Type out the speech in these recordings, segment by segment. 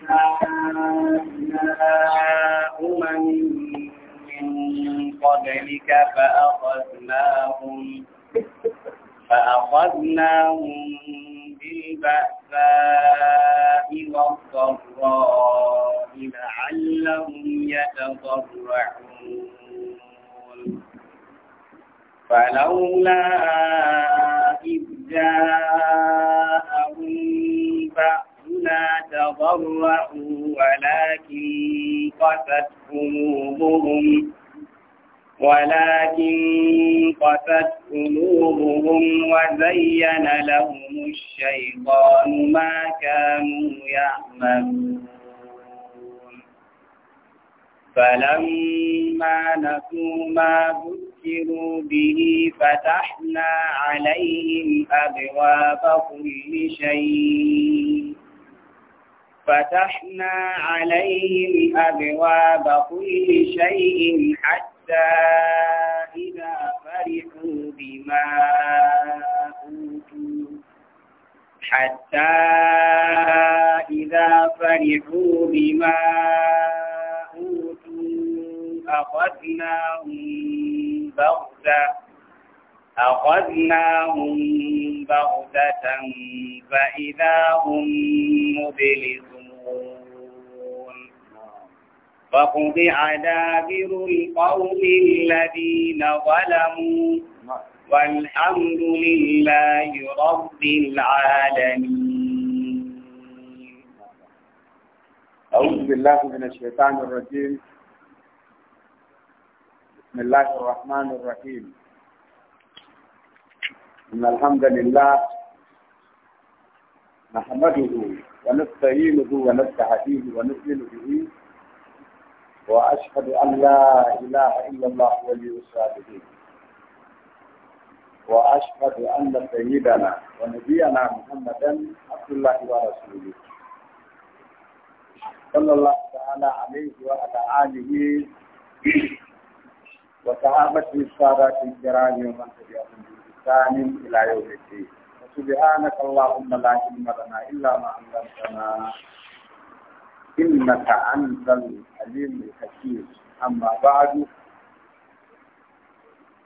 أمم من قبلك فأخذناهم فأخذناهم بالبأساء والضراء لعلهم يتضرعون فلولا فَتَلَفَتْ قُلُوبُهُمْ وَزَيَّنَ لَهُمُ الشَّيْطَانُ مَا كَانُوا يَعْمَلُونَ فَلَمَّا نَسُوا مَا ذُكِّرُوا بِهِ فَتَحْنَا عَلَيْهِمْ أَبْوَابَ كُلِّ شَيْءٍ فتحنا عليهم أبواب كل شيء حتى إذا فرحوا بما أوتوا حتى إذا فرحوا بما أوتوا أخذناهم بغتة أخذناهم بغتة فإذا هم مبلسون فقضع دابر القوم الذين ظلموا والحمد لله رب العالمين أعوذ بالله من الشيطان الرجيم بسم الله الرحمن الرحيم إن الحمد لله نحمده ونستعينه ونستهديه ونؤمن به وأشهد أن لا إله إلا الله ولي الصالحين وأشهد أن سيدنا ونبينا محمدا عبد الله ورسوله صلى الله تعالى عليه وعلى آله وصحابته السادات الكرام ومن تبعهم بإحسان إلى يوم الدين وسبحانك اللهم لا علم لنا إلا ما علمتنا إنك أنت الحليم الحكيم أما بعد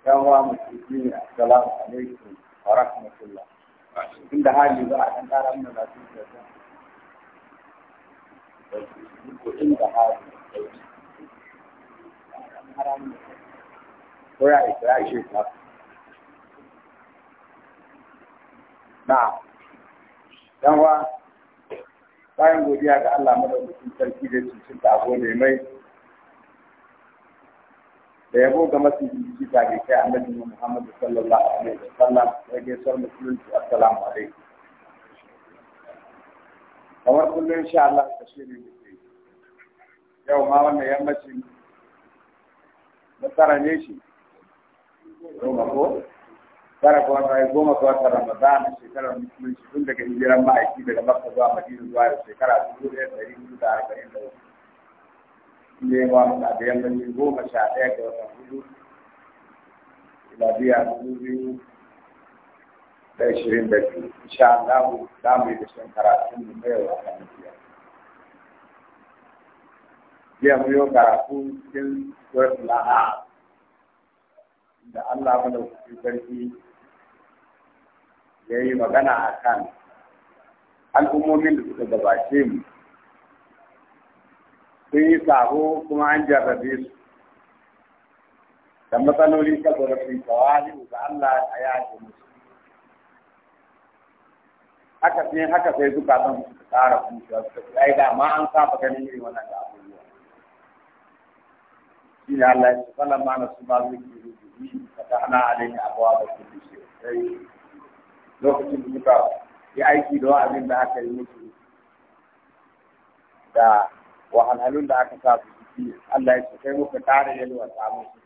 يا مسلمين السلام عليكم ورحمة الله عند هذه بعد أن ترى من عند هذه ويعيش ويعيش نعم bayan godiya ga Allah madaukakin sarki da cikin da ne mai da yabo ga masjidi ta ga kai annabi Muhammad sallallahu alaihi sallam da ke sar musulunci assalamu alaikum kamar kullum insha Allah ka ne muke yau ma wannan yammacin mu tsara ne shi ko tara ga wata goma ga wata Ramadan shekarar musulunci tun daga hijiran ma'aiki daga Makka zuwa Madina zuwa shekara dubu ɗaya da ɗari hudu da arba'in da uku. Ne ba a da yammacin goma sha ɗaya ga watan hudu miladiya dubu biyu da ashirin da biyu. Insha Allah za mu yi da shan karatun mu na yau a kan biya. Jiya mu yi karatu cikin Suratul Ahab da Allah mana kusurkarki ya yi magana a kan al'ummomin da suka gabace mu sun yi sabo kuma an jarrabe su da matsaloli saboda su yi tawali da Allah a yaƙi musu haka sai haka sai zukatan su tsara kuciya su ta yi dama an saba ganin irin wannan da abubuwa shi ne Allah ya ce falama na su ba zai ke rubuci ka ta hana alaihi abuwa da kudu sai lokacin da muka yi aiki da wa'azin da aka yi musu da wahalhalun da aka sa su ciki Allah ya ce kai muka kare yalwa ta musu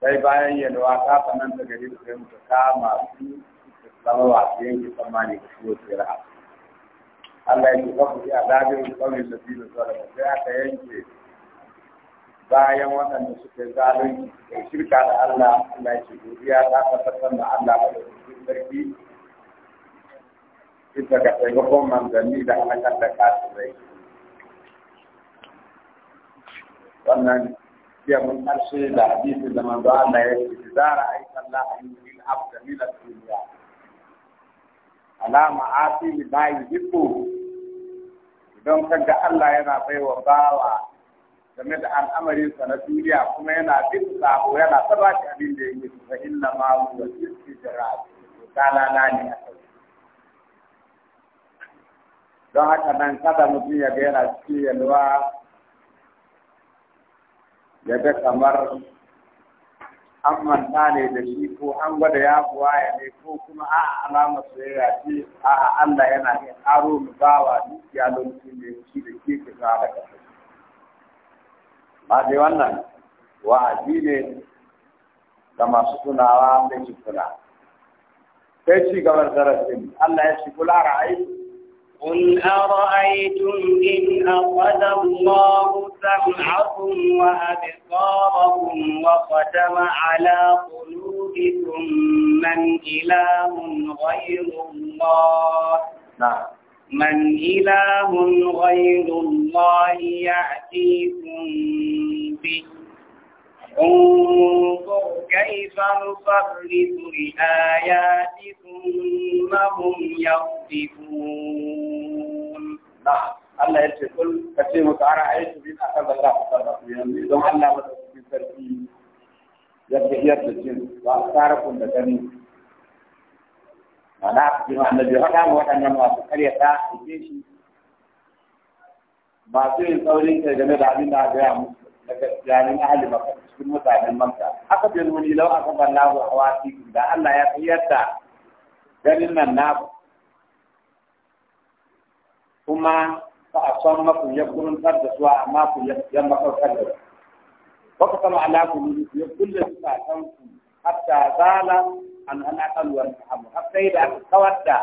sai bayan yalwa ta sanan da gari sai muka kama su zama wasu yanke tsammani da su wasu ra'a Allah ya ce kafu ya dabiru kawai da biyu da sai aka yanke bayan waɗanda suka yi zalunci da shirka da Allah Allah ya ce godiya ta tabbatar da Allah ba da sarki bisa ga taimakon manzanni da halakar da kasirai wannan ya mun karshe da hadisi da manzo Allah ya ce zara aikan la ayyul abda min ad-dunya ala ma'asi la yuhibbu don kaga Allah yana baiwa bawa game da al'amarinsa na duniya kuma yana bin sabo yana saba shi abin da yake fa inna ma huwa istijrab kalala ne a don haka nan kada mutum ya ga yana cikin yalwa ya ga kamar an manta ne da shi ko an gwada ya buwaya ne ko kuma a alamar soyayya ce a Allah yana iya karo mu bawa dukiya lokacin da ya ci da ke kisa da kasa ma dai wannan wa'azi ne da masu tunawa da shi sai ci gaban darasin Allah ya ci kula ra'ayi قل أرأيتم إن أخذ الله سمعكم وأبصاركم وختم على قلوبكم من إله غير الله نعم من إله غير الله يأتيكم به انظر كيف نصرف الآيات ثم هم يصدفون نعم الله يقول كثير متعرى عيش بين أخذ الله صدق يعني دون الله مدرسة في يبدأ يبدأ الجن وأختاركم لجميع ma'ana aka ce annabi faɗa ma waɗannan masu karyata a cikin shi masu yin saurin kai game da abin da a gaya musu daga jarin ahli makka cikin mutanen makka aka ce wani lau aka balla a wasi. da Allah ya tsayar da ganin nan na kuma fa a son maku ya kuruntar da su amma ku ya makautar da su. Waka sama ala ku ya kulle su a kan ku hatta zala an al'aqal wal faham har sai da aka kawar da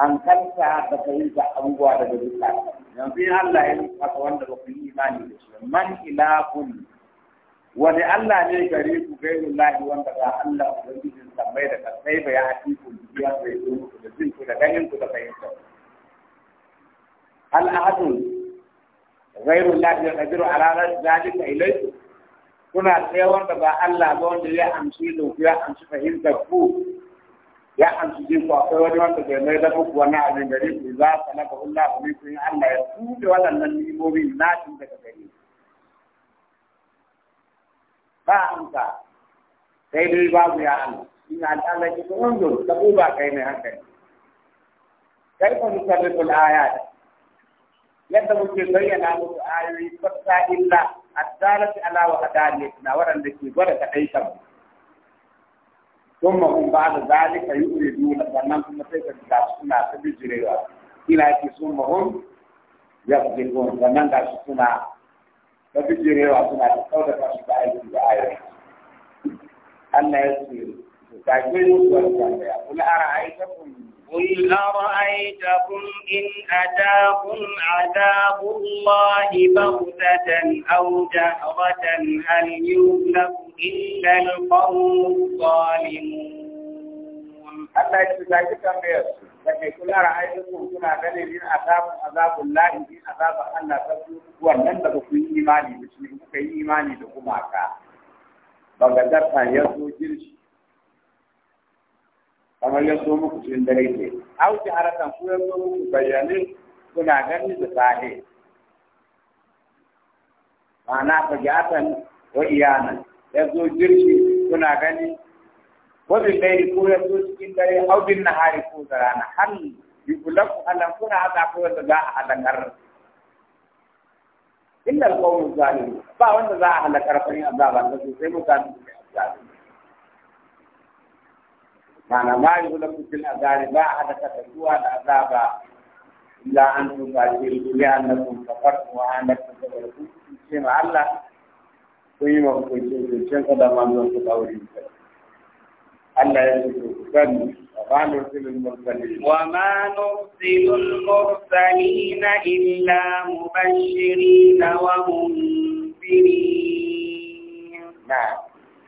hankalta da fahimta abubuwa daga duka yanzu in Allah ya maka wanda ba ku yi imani da shi man ilahun wani Allah ne gare ku gairu lahi wanda ba Allah ku ubangijin sammai da kasai ba ya haƙi ku biya bai zo muku da jin ku da ganin ku da fahimta al'adun gairu lahi ya kadiru a ranar zalika ilaikum kuna tsaye wanda ba Allah ba wanda ya amshi da ku ya amshi fahimtar ku ya amshi ji ku akwai wani wanda bai mai da muku wani abin da ku za ka na ga Allah ku ne kun Allah ya kuɗe waɗannan limomin natin daga gare ba amsa sai dai babu ya amsa ina Allah ki kun zo da ku ba kai ne hankali kai kun sabbul ayat yadda muke bayyana muku ayoyi fatta illa addalati ala wa adalatina waɗanda ke gwada kaɗai ta mu ثم هم بعد ذلك يؤردون فنان كما تيكا تكاسونا تبجريوا إلى ثم هم يقضلون فنان كاسونا تبجريوا سنا تقودة كاسونا أيضا بآية الله يسير تاكيروا سوى الجنة قل أرأيتكم قل أرأيتكم إن أتاكم عذاب الله بغتة أو جهرة هل يهلك إلا القوم الظالمون Allah ya shiga shi kan bayar da ke kula da ayyukan kuna ganin yin azabun yin azabun Allah ta wannan da ba yi imani da shi kuka yi ya zo kamar ya zo muku cikin dare ke auki haratan ku ya zo muku bayyane kuna gani da sahi ma'ana fajatan wa iyanan ya zo jirgi kuna gani wabin laili ko ya zo cikin dare na nahari ko da rana hal yugulaku halan kuna haza ko wanda za a halakar illa alqawlu zalim ba wanda za a halakar fa in azaba sai mutane su kai azaba mana ma yi wula azari ba a da kasa zuwa da azaba illa an tuba ce ya annabun farko, wa annabun kafar ku ce ma Allah kun yi ma hukuncin hukuncin ka da manzon ku ɗaure Allah ya ce ku sani وما نرسل المرسلين وما نرسل المرسلين إلا wa ومنذرين نعم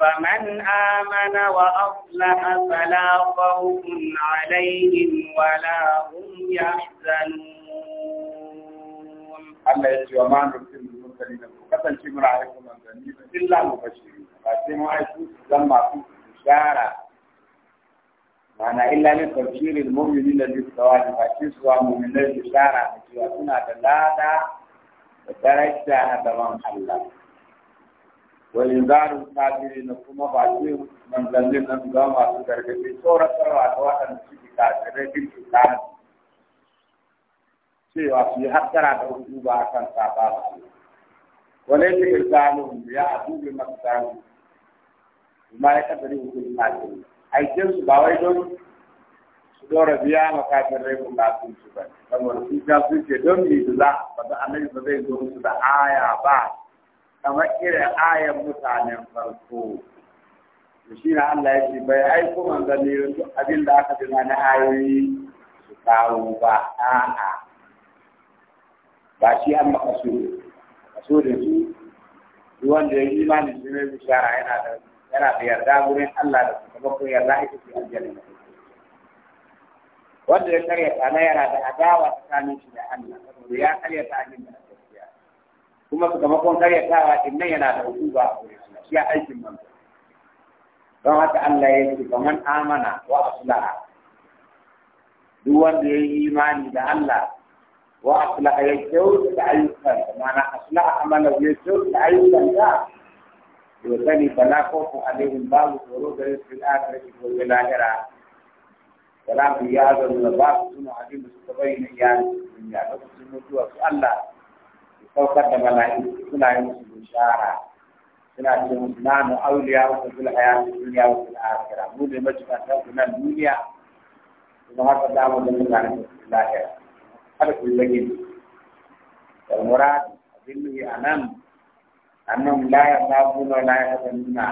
فمن آمن وأصلح فلا خوف عليهم ولا هم يحزنون الله يجي ومان رسل المرسلين فقطن من عليكم أنزلين إلا مبشرين فأسلموا عيشوا زمع في الشارع معنى إلا من تبشير المؤمنين الذي استواه فأشيسوا مؤمنين الشارع فأشيسوا لا دا وترجع دمان الله walizarun kafiri na kuma ba ce manzannin nan ga masu gargaɗi tsoratarwa da waɗanda suke kafirai bin kitabi cewa su yi hattara da hukuma a kan saba su wani ne irganun ya abu bi masu kuma ya kadari hukun kafiri aikin su ba wai don su biya ma kafirai ko kafin su ba saboda su don da za ba da annabi ba zai zo aya ba kamar irin ayan mutanen farko shi na Allah ya ce bai aiko manzanni duk abin da aka jima na ayoyi su kawo ba a'a ba shi an maka makasudin su duk wanda ya yi imanin shi mai bishara yana da yana da yarda gurin Allah da sakamakon yarda ita da aljanna wanda ya karyata na yana da adawa tsakanin shi da Allah saboda ya karyata abin da kuma sakamakon karyatawa din nan yana da hukuma a gurin ya aikin manzo don haka Allah ya ce man amana wa aslaha duk wanda ya yi imani da Allah wa aslaha ya kyautata ayyukansa ma'ana aslaha amalahu ya kyautata ayyukansa وثاني فلا خوف عليهم باب ورود في الآخرة وفي الآخرة سلام يا da الباب ثم عليم السبعين يعني من mutuwa su Allah. saukar da mala'iku suna yin musu bishara suna ce musu nanu auliya wa fil hayati dunya wa fil akhirah mu ne majibanta ku nan duniya kuma haka da mu da mutane su lahira har kullagin da murad abinni anan annam la yasabuna la yasanuna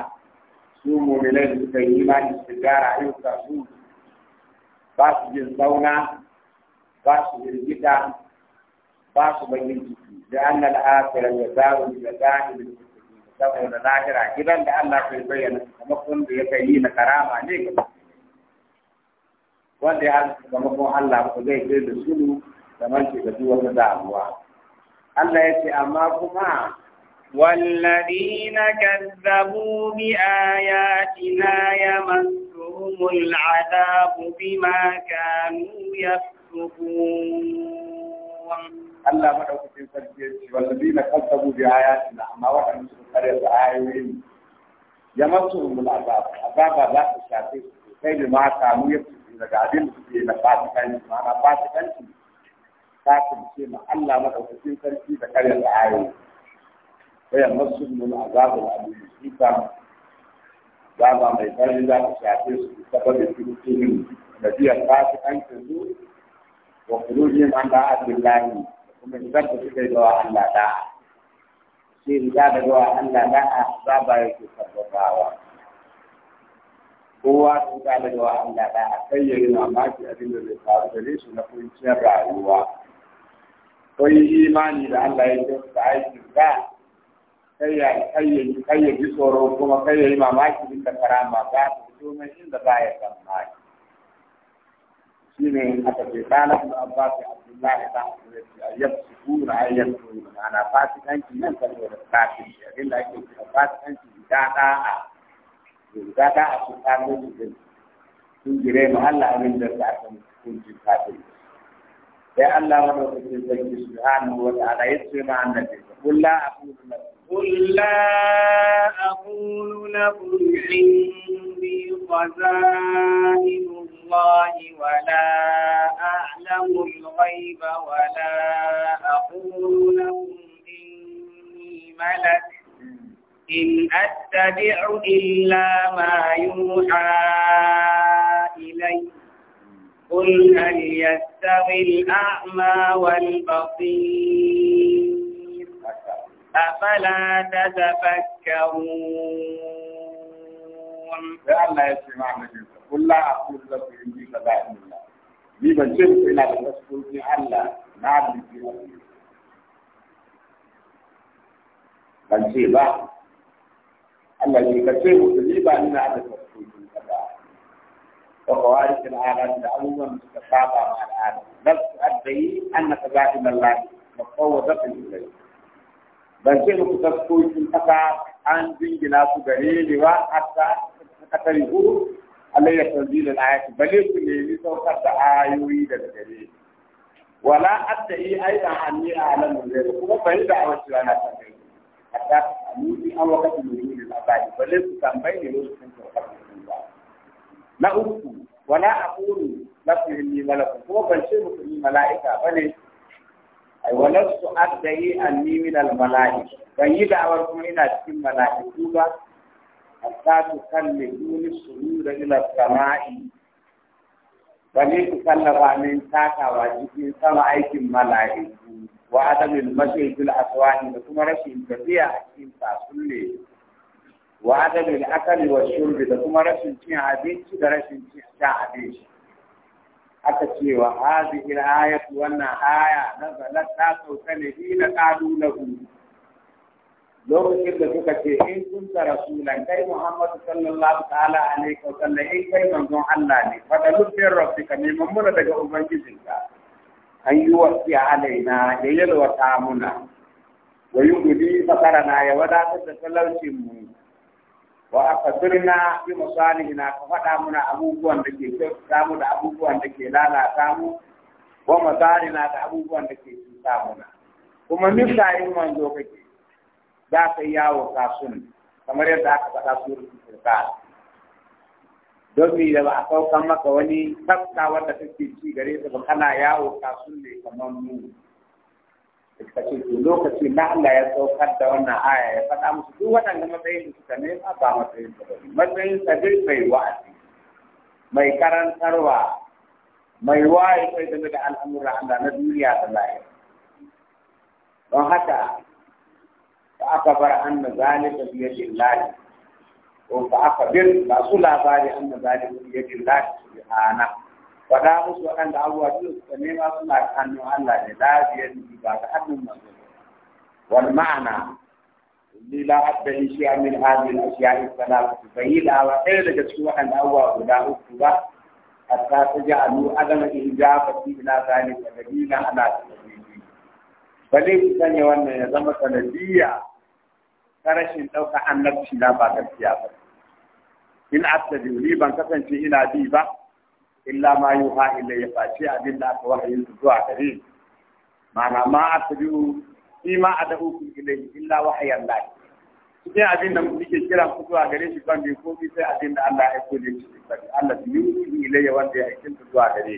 su mu'minai da suka yi imani su gara ka su ba su jin zauna ba su gida, ba su bakin ciki لأن الآخرة يزاو بمزاهد المسلمين saboda lahira gidan da Allah ke bayyana sakamakon da ya kai yi na karama ne wanda ya sakamakon Allah ko zai kai da sulu da Allah ya ce amma kuma والذين كذبوا بآياتنا يمسهم العذاب بما كانوا يكسبون Allah madaukakin sarki ya ce wallabi na kasabu bi ayatina amma waɗanda suka kare da ayoyin ya masu umul azab azaba za ta shafe su sosai da ma kamu ya fi daga abin da suke na fasikanci ma'ana fasikanci ta kunce ma Allah madaukakin sarki da kare da ayoyi ya masu umul azab al'adu shi kam azaba mai tsarin za ta shafe su saboda kirkirin da biyar fasikancin su wa kulujin an da'ad billahi kuma rigar da suka yi wa Allah da sai riga da wa Allah da kowa su ga da wa Allah a kai yayi mamaki abin zai faru gare su na kunciyar rayuwa kai imani da Allah ya ce kai ya ji tsoro kuma kai ya yi mamaki din da karama ba su fito mai inda ba ya san maki shine aka ce kana ibn abbas abdullahi ta yabsukuna ay yabsukuna ana fasikanci nan kan da kafin abin da ake cewa fasikanci da da'a da da'a su kafin sun gire mu Allah abin da ta kun ji kafin يا الله ونوفي سبحانه وتعالى يسلم عن النبي قل لا أقول لكم قل لا أقول لكم عندي خزائن الله ولا أعلم الغيب ولا أقول لكم إني ملك إن أتبع إلا ما يوحى إليّ قل هل يستوي الأعمى والبصير أفلا تتفكرون لا الله يسمع نجيب قل لا أقول لكم إني خدائم الله لي بجرت إلى الرسول في ما نعم في وحيد بجيبا الله في تجيبا إن عدد رسول الله وقوارث العالم لأول من تتابع مع العالم بل تؤدي أن تباهم الله مفوضة إليه بل شيء تذكر في الفتاة عن زنجلا سجريل وحتى تتريه علي تنزيل الآية بل يكون لسوف الآيوي للجريل ولا أدعي أيضا أني أعلم غيره كما فإذا أوجد أنا تنزيل حتى أمودي أو وقت من الأبعاد بل يكون تنبيه لسوف الآيوي na uku wala aqulu lakum inni malakun ko ban ce muku ni mala'ika bane ai wala su addai anni min al mala'ika ban yi da'awar kuma ina cikin mala'iku ba hatta tu kallimu lisujuda ila sama'i bane ku kallaba min takawa cikin sama aikin mala'iku wa adamin mashayil aswani da kuma rashin tafiya a cikin tasulle wa adami al-akali wa shurbi da kuma rashin cin abinci da rashin cin abinci aka ce wa hadhihi al-ayatu wannan aya nazalat ta sauka ne ila qalu lahu lokacin da suka ce in kun ta rasulan Muhammadu sallallahu ta'ala alaihi wa sallam in kai manzon Allah ne fa da lutfin rabbika ne mamuna daga ubangijinka an yi wasi alaina da yalwata muna wa yugudi fakarana ya wadatar da talaucin mu wa fi bi musalihina ka faɗa muna abubuwan da ke kyautata mu da abubuwan da ke lalata mu wa masalina da abubuwan da ke cuta muna kuma mista yin manzo kake za ka yi yawo kasun kamar yadda aka faɗa suratul furqan don mi da ba a saukan maka wani tafka wanda kake ci gare ta ba kana yawo kasun ne kamar mu to lokaci na Allah ya saukar da wannan aya ya faɗa musu duk waɗanda matsayin da suka nema ba matsayin da bane matsayin sa dai mai wa'azi mai karantarwa mai waye kai game da al'amuran Allah na duniya da lahira don haka fa aka bar anna zalika bi yadillahi ko fa aka bil ba su labari anna zalika bi yadillahi subhanahu faɗa musu waɗanda abubuwa duk suka nema suna da hannun Allah ne lafiyar jiki ba da hannun manzo wal ma'ana ni la abda in shi'a min hadhihi al-ashiya'i salatu da wa ɗaya daga cikin waɗanda abubuwa guda uku ba hatta taj'alu adama ijabati ila zalika dalila ala tadbiri bale ku sanya wannan ya zama sanadiyya ta rashin ɗauka annabci na ba gaskiya ba in abda ban kasance ina bi ba illa ma yuha ilayya fa ce abin da aka wahayin zuwa gare ni ma'ana ma asbiu fi ma adahukum ilayhi illa wahayan lahi cikin abin da muke kira ku zuwa gare shi ban bai komi sai abin da Allah ya kone shi sai Allah yuhi ya wanda ya aikin zuwa gare ni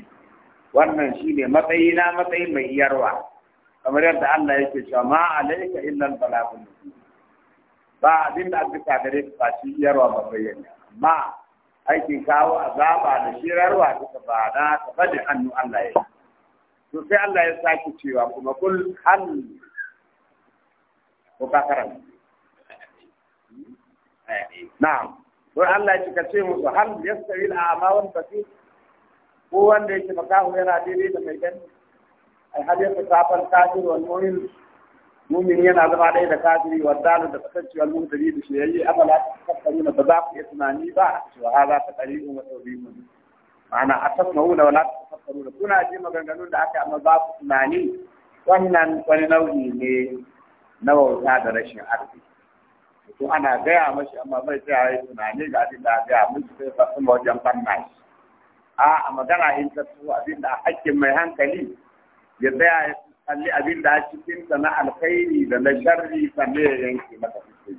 wannan shine matsayi na matsayin mai iyarwa kamar yadda Allah yake cewa ma alayka illa al-balagh ba abin da aka gare ka ba shi iyarwa ba bayyana amma aikin kawo azaba da shirarwa duka ba na taɓa da hannu Allah ya yi. To sai Allah ya sake cewa kuma kul hannu ko kakaran. Na Na'am. Don Allah ya ka ce musu hal yastawi amma wal basir ko wanda yake makahu yana daidai da mai gani. Ai har yake kafan kafir wani mumin yana zama ɗaya da kafiri wa dalu da kasance wal mutari da shiyayye amala ta na ba za ku iya tunani ba cewa za ta qari'u wa tawbihu ma'ana atasmauna wala da kuna ji maganganun da aka amma ba ku tunani wannan wani nau'i ne na wauta da rashin arziki to ana gaya mashi amma bai tsaya yi tunani ga abin da a gaya mashi sai ba kuma wajen banna shi a magana in ta so abin da hakkin mai hankali ya tsaya ya kalli abin da a cikin ta na alkhairi da na sharri sannan ya yanke mata hukunci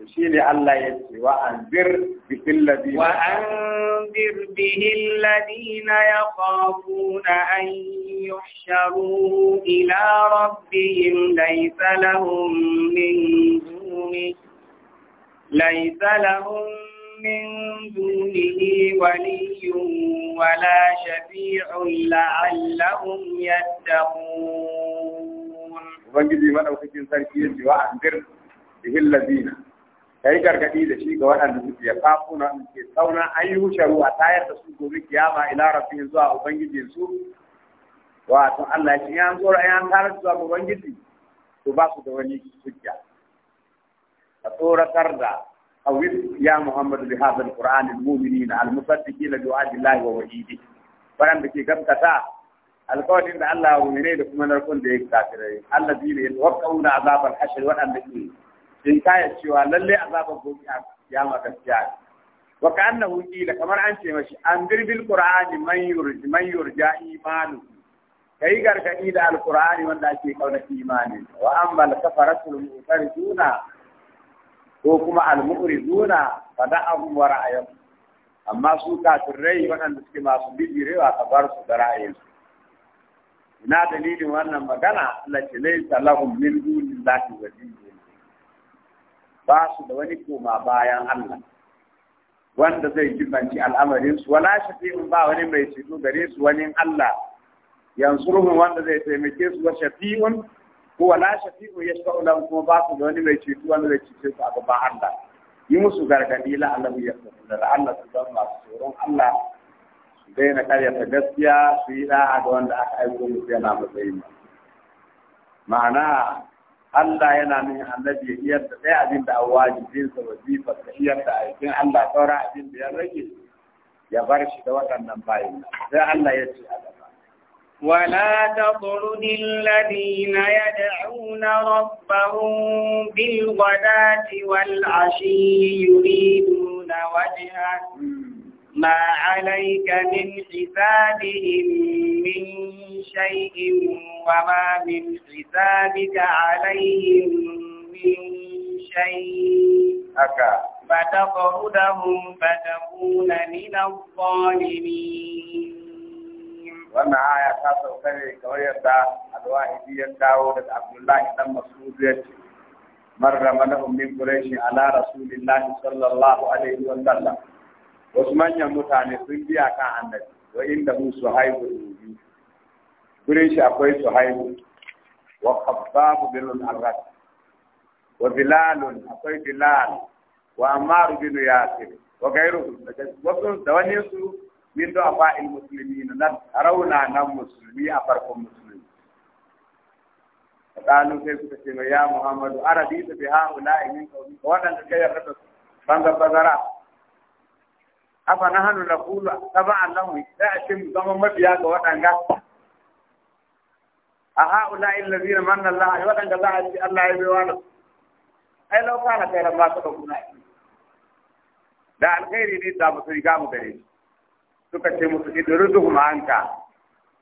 to shine Allah ya ce wa anzir bihi alladhina wa anzir bihi alladhina yakhafuna an yuhsharu ila rabbihim laysa lahum min dunihi laysa lahum من دونه ولي ولا شفيع لعلهم يتقون ubangiji madaukakin sarki ya ce wa anzir bihil ladina kai gargadi da shi ga waɗanda suke ya kafuna ke sauna an yi husharu a tayar da su gobe kiyama ila rabbihim zuwa ubangiji su wato Allah ya ce yan zo yan tarar zuwa ubangiji to ba su da wani hujja a tsoratar da awif ya muhammadu bi hadha alquran almu'minina almusaddiqina bi wa'di allahi wa wa'idi waɗanda ke da Allah ya mu'mine da kuma da ya kafirai Allah zai ne cewa lalle azabar gobe a kiyama kamar an ce mashi an dirbil qur'ani man yurji man yurja da ake imani wa ko kuma al-mu'riduna fada'ahum wa ra'ayum amma su kafirai waɗanda suke masu bijirewa ka bar su da ra'ayinsu ina dalilin wannan magana Allah laysa lahum min dunillahi waliyyun ba su da wani koma bayan Allah wanda zai jibanci al'amarin su wala shafi'un ba wani mai ceto gare su wani Allah yansuruhum wanda zai taimake su wa shafi'un ko ya shafi'u ulan kuma ba su da wani mai ceto wani mai ceto su a gaban Allah yi musu gargadi la Allah ya da Allah su zama masu tsoron Allah su daina karyata gaskiya su yi da'a ga wanda aka aiko musu yana matsayin ma'ana Allah yana nuna annabi ya iya da ɗaya abin da an wajibin sa wajifa ka iya da aikin Allah saura abin da ya rage ya bar shi da waɗannan bayan sai Allah ya ce a ولا تطرد الذين يدعون ربهم بالغداة والعشي يريدون وجهه ما عليك من حسابهم من شيء وما من حسابك عليهم من شيء فتطردهم فتكون من الظالمين wannan aya ta sauka ne kamar yadda alwahidi ya dawo daga abdullahi dan mas'ud ya ce marra mana ummin quraishi ala rasulillahi sallallahu alaihi wa sallam wasu manyan mutane sun biya kan annabi wa inda mu suhaibu ubi quraishi akwai suhaibu wa khabbab bin al wa bilal akwai bilal wa ammar bin yasir wa wasu da wani su min da il na rauna nan a farkon musulmi kalu sai suka ce ya muhammadu arabi bi haula min qawmi kai da banga bazara afa nahnu naqulu ta'tim zaman mabiya ga wadanga a haula manna allah wadanga za a ci allah ya ai da suka ce musu idruzuhum anka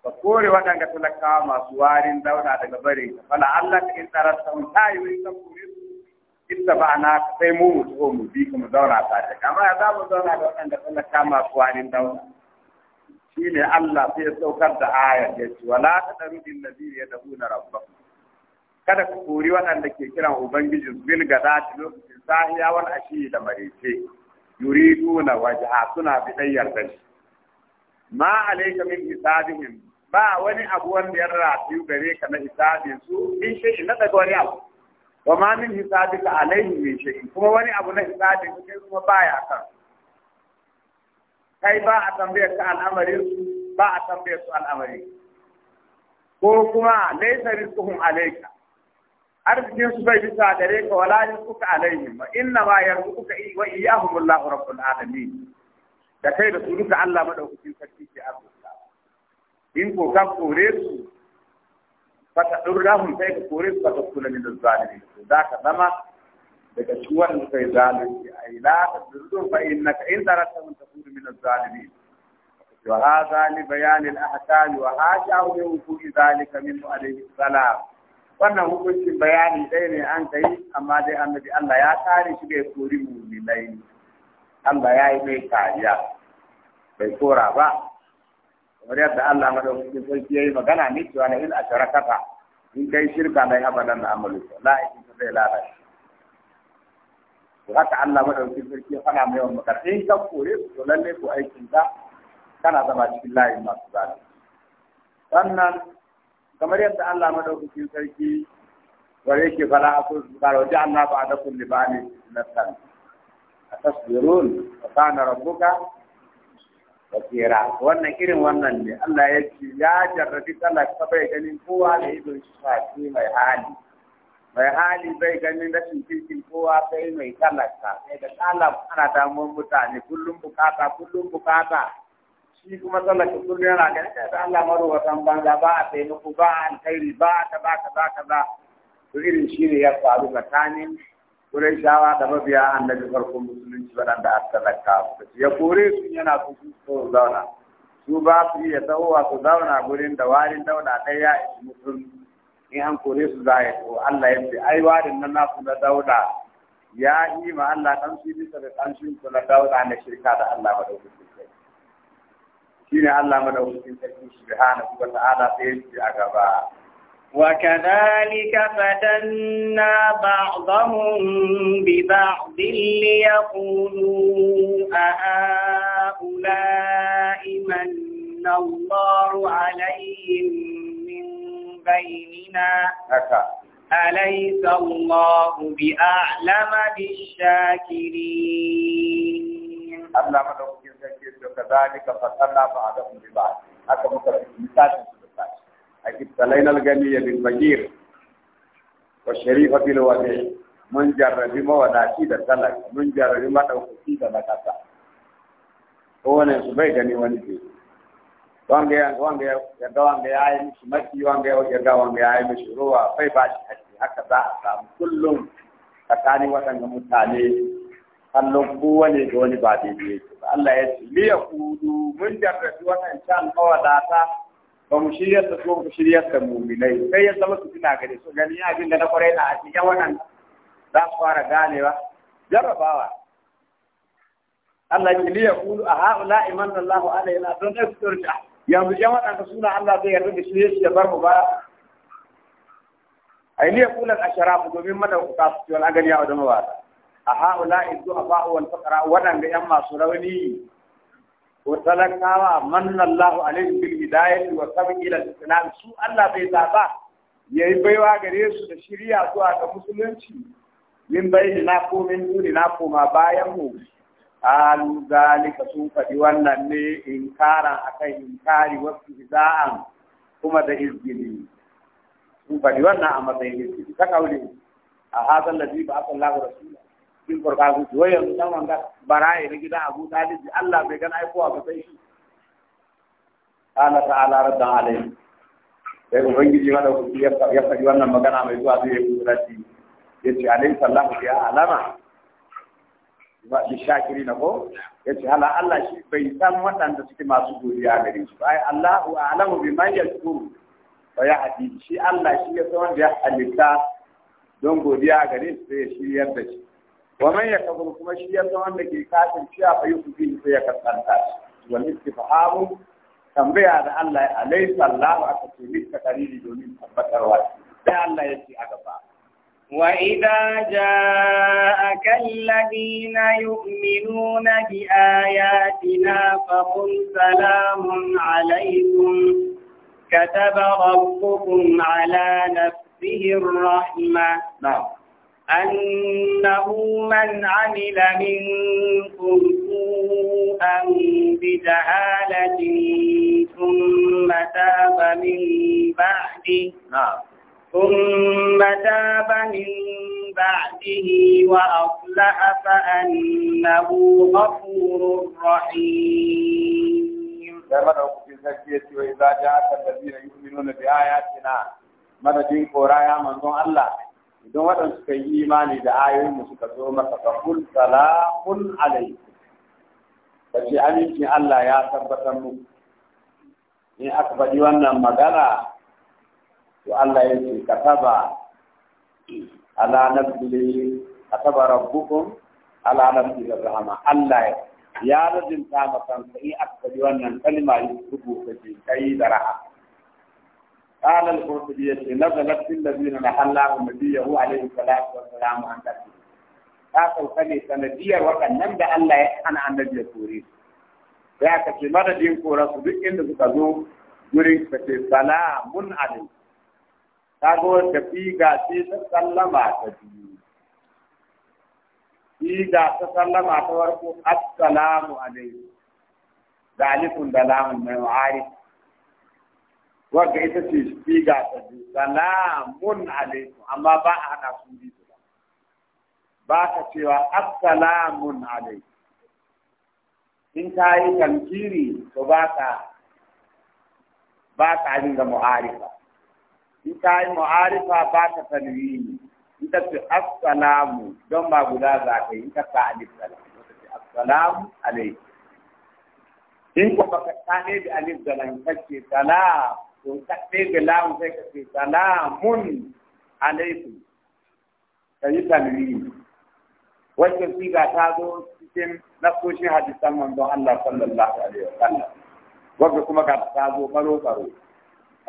ka kore waɗanda talakawa masu warin dauna daga bari fala Allah ka mun ta yi wani kure inda ba na sai mu mu so mu bi mu zauna ta amma ya za zauna da waɗanda talakawa masu warin dauna shi ne Allah sai ya saukar da aya ya ce wala ta ɗaru bin naziri ya dahu na rabba kada ku kori waɗanda ke kiran ubangijin bil gada ta lokacin sahiya wani ashi da marece yuriduna a suna bidayyar da shi ma alayka min hisabihim ba wani abu wanda ya rafi gare ka na hisabin su in shi na daga wani abu wa ma min hisabika alayhi min shi kuma wani abu na hisabin su kai kuma baya kan kai ba a tambayar ka al'amarin su ko kuma laysa rizquhum alayka arzikin su bai bisa gare ka wala rizquka alaihim wa inna ma yarzuquka wa iyyahum Allahu rabbul alamin da kai da su duka Allah madaukakin sarki ke arzuta in ko ka kore su fa ta rahun sai ka kore su ba ta kula da zalimi za ka zama daga ciwon da kai zalunci ai la ta durrahum fa innaka in tarata mun takunu min zalimi ha لبيان الأحكام وهذا من وقوع ذلك منه عليه tsala. wannan hukuncin bayani ɗaya ne an yi amma dai annabi Allah ya kare shi bai kori mu mu'minai Allah ya yi mai kariya bai kora ba kamar yadda Allah madaukakin sarki ya yi magana ne cewa na in asharakata in kai shirka mai abadan na amalu la ikin ta zai lalace to haka Allah madaukakin sarki ya fada mai wa makarfi in kan kore to lalle ko aikin ka kana zama cikin layin masu zalunci Wannan kamar yadda Allah madaukakin sarki wanda yake fara a so da wajen ji Allah ba da kulli ba ne na sani atasbirun wa kana rabbuka basira wannan irin wannan ne Allah ya ce ya jarrabi talaka ka bai ganin kowa da idon shi mai hali mai hali bai ganin rashin kirkin kowa sai mai talaka sai da talab ana damuwar mutane kullum bukata kullum bukata shi kuma talaka kullum yana ganin eh, da Allah marwatan banza ba a taimako ba a alkhairi ba a kaza kaza kaza to irin shi ne ya faru tsakanin Kurai shawa da mabiya annabi farkon musulunci waɗanda a talaka ya kore su yana su su zauna su ba su iya tsawowa su zauna gurin da warin dauna ɗaya ya isi mutum in an kore su za a to Allah ya ce ai warin nan nasu na dauda. ya yi ma Allah shi bisa da shi su na dauda na shirka da Allah madaukakin Shi ne Allah madaukakin sarki subhanahu wa ta'ala sai ya ce a gaba وكذلك فتنا بعضهم ببعض ليقولوا أهؤلاء من الله عليهم من بيننا أليس الله بأعلم بالشاكرين أعلم مدعوك كذلك فتنا بعضهم ببعض أكبر مثال اكتلينا الغني بالفقير wadi بالوضع jarra جرب ما وداشي da talaka mun jarrabi ma daukaki da ko kowane su bai gani wani ke wanga ya wanga ya da wanga ya yi mishi maki wanga ya yadda wanga ya yi mishi ruwa bai ba shi haƙƙi haka za a samu kullum tsakanin waɗanda mutane kallon kowane da wani ba daidai yake ba Allah ya ce liya kudu mun jarrabi waɗancan mawadata ba mu shiryar da kuma mu shiryar da mummunai sai ya zama su suna Gani su gani abin da na kwarai na a cikin wannan za su fara ganewa jarrabawa Allah ki liya kulu a ha'ula iman Allah wa'ala na don su turja ah, yanzu yan waɗanda suna Allah zai yarda da shirye shi da bar mu ba A yi liya kula asharafu domin madauka su ci wani agariya wa da mawata a ha'ula izu a fa'uwan fakara waɗanda yan masu rauni talakawa وتلقاوا من الله عليه بالهداية وسبق إلى الإسلام Allah bai بيزابا yayi baiwa gare su da shirya zuwa ga musulunci min bai na ko min duni na koma bayan mu an zalika sun faɗi wannan ne inkaran akan inkari wasu iza'an kuma da izgili sun faɗi wannan a matsayin izgili ta kauli a hazan da ba a sallahu bil qurba ku wayan nan wanda baraye na gidan Abu Talib Allah bai gana aikowa ba sai shi Allah ta'ala radda alai sai ubangiji ma da ku ya faɗi wannan magana mai zuwa zai yi kudurati yace alai sallahu ya alama ba bi shakiri na ko yace hala Allah shi bai san waɗanda suke masu godiya gare shi ai Allahu a'lamu biman yashkuru wa ya hadi shi Allah shi ya san wanda ya halitta don godiya gare shi sai shi yarda shi ومن يكبر كما شيء يزعم أنك كافر شيء فيكون فيه شيء كالقنطاش والاستفهام tambaya da Allah ya alaisa Allah aka ce mika dalili domin tabbatarwa sai Allah وإذا جاءك الذين يؤمنون بآياتنا فقل سلام عليكم كتب ربكم على نفسه الرحمة نعم أنه من عمل منكم سوءا بجهالة ثم تاب من بعده نعم ثم تاب من بعده وأصلح فأنه غفور رحيم. وإذا جاءك الذين يؤمنون بآياتنا من جنك ورايا من الله idan waɗanda suka yi imani da ayoyin mu suka zo maka ka kul salamun alaikum ce amincin Allah ya tabbatar muku in aka faɗi wannan magana to Allah ya ce taba, ala ka kataba rabbukum ala nafsihi rahama Allah ya lazimta maka in aka faɗi wannan kalma ya rubuta ce kai da rahama قال القرطبي نزلت في الذين نحلهم نبيه عليه الصلاة والسلام عن ذلك ta sauka ne sanadiyar waɗannan da Allah ya hana annabi ya kore su. Sai aka ce madadin kora su duk inda suka zo gurin ka ce salamun alai. Ta zo da figa ce ta sallama ta biyu. ta sallama ta da wanda ita ce siga ta biyu salamun alaikum amma ba a hada su biyu ba ba ka cewa assalamun alaikum in ka yi tamkiri to ba ka ba ka yin da mu'arifa in ka yi mu'arifa ba ka tanwini in ka ce assalamu don ba guda za ka yi in ka ta alif salam assalamu alaikum in ka baka tane da alif salam kace salam don ka ɗaya lamun sai ka ce salamun alaikum ka yi tanwini wacce siga ta zo cikin nasoshin hadisan manzon Allah sallallahu alaihi wa sallam wanda kuma ka ta zo baro baro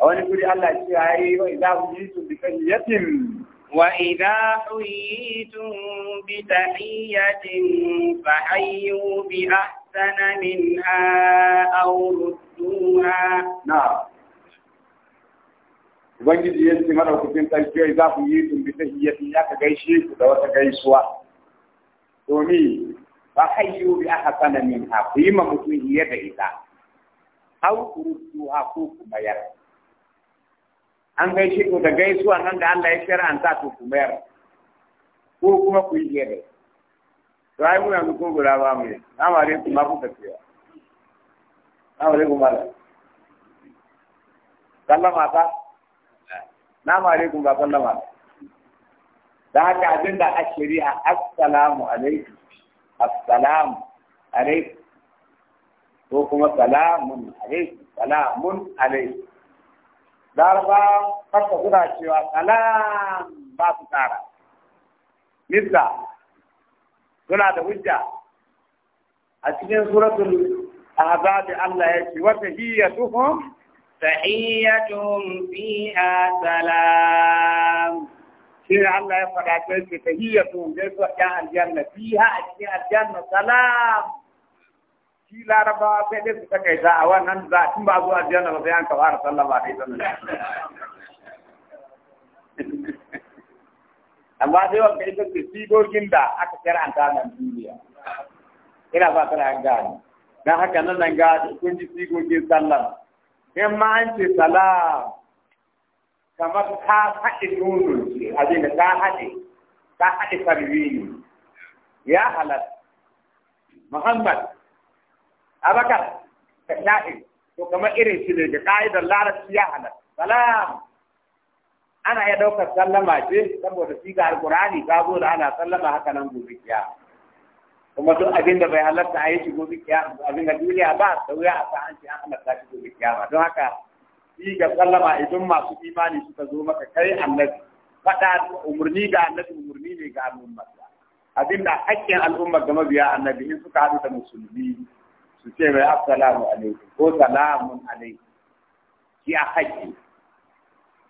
a wani guri Allah ya ce ayi wa idza hujitum bi kayyatin wa idza hujitum bi tahiyatin fa hayyu bi ahsana minha aw rudduha na'am ubangiji ya ce madaukakin sarki za ku yi tun bi tahiyyatin ya ka gaishe ku da wata gaisuwa domin ba hayyu bi ahsana min ha ku yi ma mutum hiya da ita hau ku rubuta ko ku mayar an gaishe ku da gaisuwa nan da Allah ya shar'anta to ku mayar ko kuma ku yi hiya da ita to mu yanzu kun guda ba mu ne na mare ku kuma ku tafiya na mare kuma mala sallama ta na alaikum ba sallama da haka abin da a shari'a assalamu alaikum assalamu alaikum ko kuma salamun alaikum salamun alaikum darba kasa suna cewa salam ba su tsara nisa suna da hujja a cikin suratul ahzab Allah ya ce wa tahiyatuhum tahiyyatuhum fiha salam Allah ya faɗa ta ce tahiyyatuhum dai a cikin aljanna salam shi amma sai ita ce da aka duniya ina fatan an gane haka nan nan ga kun ji sallah in ma an ce salam kamar ka haɗe nunun ce abin da ka haɗe ka haɗe ne ya halar muhammad abakar ka sha'i to kamar irin shi ne ga ka'idar larabci ya halar salam ana ya ɗaukar sallama ce saboda al alkurani ka zo da ana sallama haka nan gobe kiyama kuma duk abin da bai halatta a yi shi gobe kiyama abin da duniya ba da wuya a sa'an shi an halatta shi gobe kiyama don haka shi ga sallama idan masu imani suka zo maka kai annabi faɗa umarni ga annabi umarni ne ga al'umma abin da hakkin al'umma ga mabiya annabi in suka haɗu da musulmi su ce mai assalamu alaikum ko salamun alaikum shi a hakki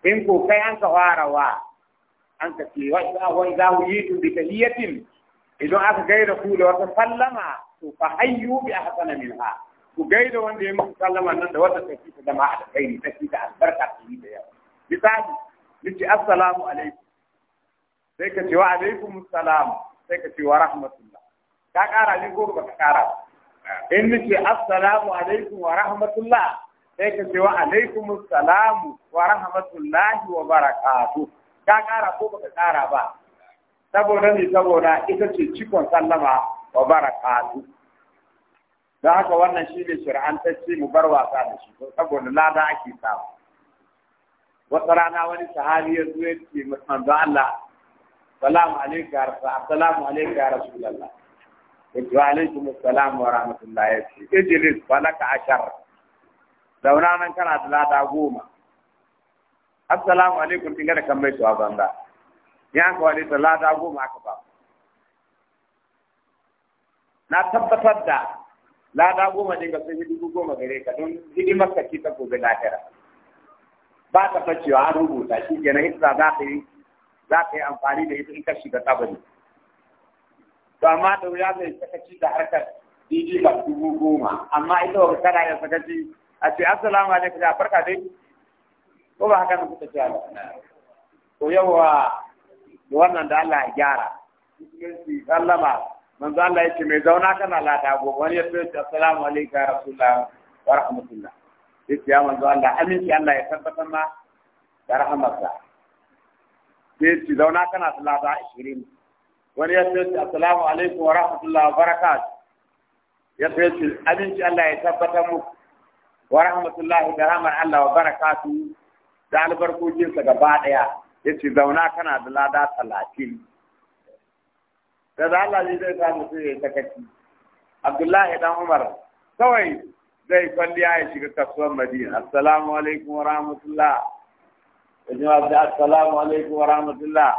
in ko kai an ka fara wa an ka ce wa yi tun bi tahiyatin idan aka gaida ku da wata sallama to fa hayyu bi ahsana minha ku gaida wanda ya muku sallama nan da wata tafi ta da alkhairi ta ta albarka ta yi da yawa misali nace assalamu alaikum sai ka ce wa alaikum assalam sai ka ce wa rahmatullah ka kara ni ko baka kara ba in nace assalamu alaikum wa rahmatullah sai ka ce wa alaikum assalam wa rahmatullahi wa barakatuh ka kara ko baka kara ba saboda ne saboda ita ce cikon sallama wa barakatu don haka wannan shi ne shir'antacce mu bar wasa da shi saboda lada ake samu wata rana wani sahabi ya zuwa ya ce manzo Allah salamu alaikum ya rasul assalamu alaikum ya rasulullah yace wa alaikum assalam wa rahmatullahi yace ijlis falaka ashar zauna nan kana da lada goma assalamu alaikum dinga da kan mai tuwa banda ya kwale ta lada goma aka ba na tabbatar da lada goma ne ga sun yi dubu goma gare ka don hidimar ka ce ta gobe lahira ba ta facewa an rubuta shi nan ita za ta yi za ka yi amfani da ita in ka shiga kabari to amma da wuya zai sakaci da harkar didi ba dubu goma amma ita wa kada ya sakaci a ce assalamu alaikum ya farka dai ko ba haka na kuka ce to yawa da wannan da Allah ya gyara musulunci sallama manzo Allah yake mai zauna kana lada go wani ya ce assalamu alayka ya rasulullah wa rahmatullah yace ya manzo Allah aminci Allah ya tabbatar ma da rahmatsa sai ci zauna kana lada 20 wani ya ce assalamu alaykum, wa rahmatullah wa barakat ya ce aminci Allah ya tabbatar mu wa rahmatullah da rahmar Allah wa barakatuh da sa gaba daya ya ce zauna kana da lada talatin da za Allah ne zai samu sai ya takaki. Abdullahi dan Umar kawai zai kwalliya ya shiga kasuwar Madina assalamu alaikum wa rahmatullah ibn Abd assalamu alaikum wa rahmatullah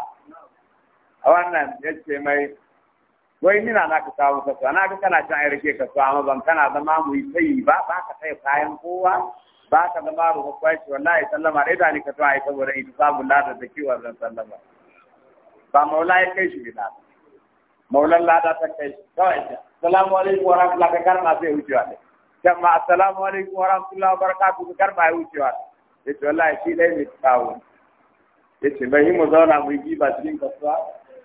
a wannan ya ce mai wai nina na ka kawo kasuwa na ka kana can ai rike kasuwa amma ban kana zama mu yi tayi ba ba ka tayi kayan kowa ba ka zama ruhu kwashi wallahi sallama dai da ni ka to ai saboda ita samu lada da kiwa zan sallama ba maula ya kai shi gida maulan lada ta kai shi kawai ta assalamu alaikum wa rahmatullahi wa ka ma sai wucewa ne kan ma assalamu alaikum wa rahmatullahi wa barakatuh kar ma ya wucewa ne yace wallahi shi dai mai tsawo yace bai mu zauna mu yi ba cikin kasuwa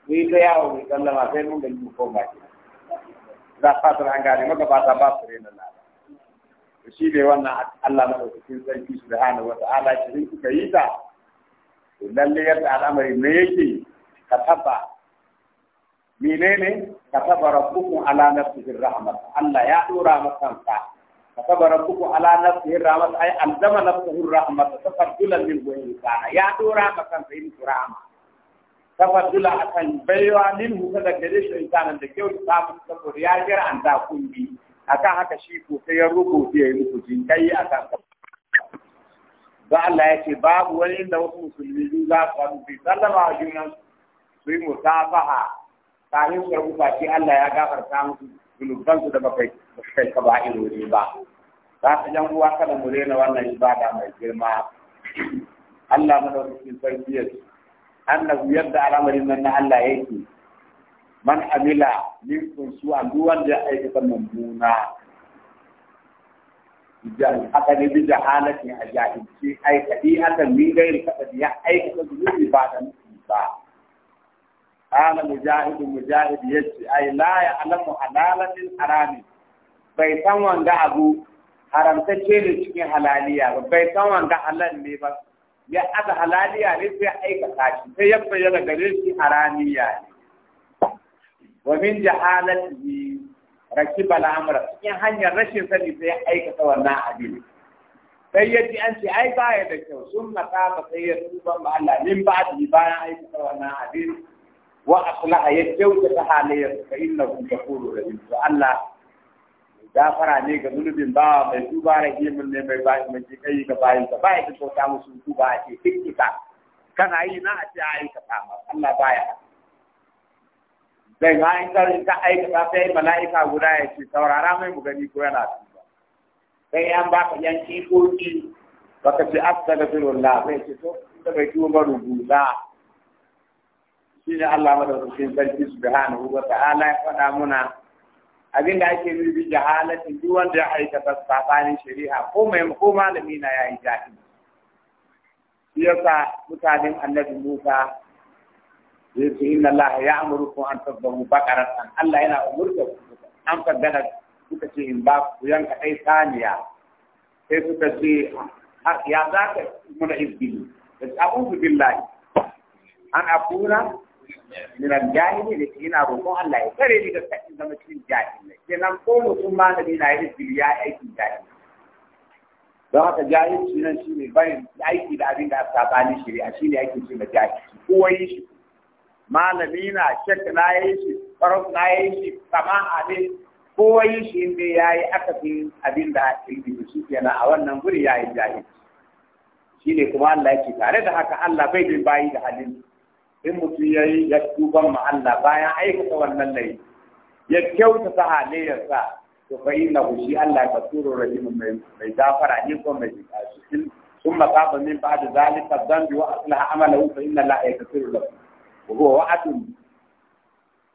mu yi ta yawo mu sallama sai mun da mu koma gida da fatar an gane maka ba ta ba su rena lada shi ne wannan Allah na madaukakin sarki subhanahu wata'ala shi in kuka yi ta to lalle yadda al'amari ne yake ka taba menene ka taba rabbukum ala nafsihi rahmat Allah ya dora masa ka ka taba rabbukum ala nafsihi rahmat ay alzama nafsihi rahmat tafaddulan min wajhi kana ya dora masa ka in rahma tafaddula akan baiwa min hu kada gare shi kana da kyau ta saboda ya jira an da kundi A kan haka shi ko sai ya rubuta ya yi muku jinkai akan ba Allah ya ce babu wani inda wasu musulmi biyu za su haɗu su sallama a junan su yi musafaha kafin su rubuta shi Allah ya gafarta musu zunubansu da bakai kai ka ba ne ba za su jan uwa kada mu rena wannan ibada mai girma Allah madaukakin sarki ya ce annabi yadda al'amarin nan na Allah yake man amila minkum su an duwan da buna mummuna aka ne bi jahalatin a jahilci aikati haka min gairi kada ya aikata zunubi ba da ba ba قال mujahid yace ai la ya alamu halalatin harami bai san wanda abu haramtacce ne cikin halaliya ba bai san wanda halal ne ba ya aka halaliya ne sai aikata shi sai ya bayyana gare shi haramiya ne wa min jahalatihi rakiba al'amra cikin hanyar rashin sani sai aikata wannan abin sai ya ji an ce ai baya da kyau sun makama sai ya tuba ma Allah min ba'di bayan aikata wannan abin wa aslaha ya kyauta ta halayyar fa innahu ghafurur rahim to Allah fara ne ga zunubin bawa mai tuba rahimin ne mai bashi kai ga bayin ka baya ta kyauta musu tuba a ce tikita kana yi na a ce aikata ma Allah baya zai ma in ka ka aikata sai mala'ika guda ya ce saurara mai mu gani ko yana tuba sai an baka yanki ko ki baka ce astaghfirullah sai ce to da bai tuba ba rubuta ne Allah madaukakin sarki subhanahu ta ta'ala ya faɗa muna da ake nufi jahalatin duk wanda ya aikata tsakanin shari'a ko mai ko malami na yi jahili shi yasa mutanen annabi Musa zai ce inna Allah ya amurku an mu tabbahu bakaratan Allah yana umurta ku an fadana kuka ce in ba ku yanka kai saniya sai suka ce ya za ka muna izbili da a'udhu billahi an akuna min al-jahili da ke ina roƙon Allah ya kare ni da sakin zama cikin jahili kenan ko mutum ma da ina yi izbili ya aikin jahili don haka jahilci nan shine bayan aiki da abin da aka a shi ne ake ce ma jahilci kowa yi shi malami na shek na yi shi farok na yi shi kama abin ko yi shi inda ya yi aka fi abin da ilmi shi kenan a wannan guri ya yi jahil shi ne kuma Allah yake tare da haka Allah bai bin bayi da halin in mutum ya yi ya tuban ma Allah bayan aikata wannan laifi ya kyauta kyautata halayyarsa to fa inna shi Allah ya rahim mai mai gafara ne ko mai jikashi ثم تاب من wa ذلك a huwa wa'adun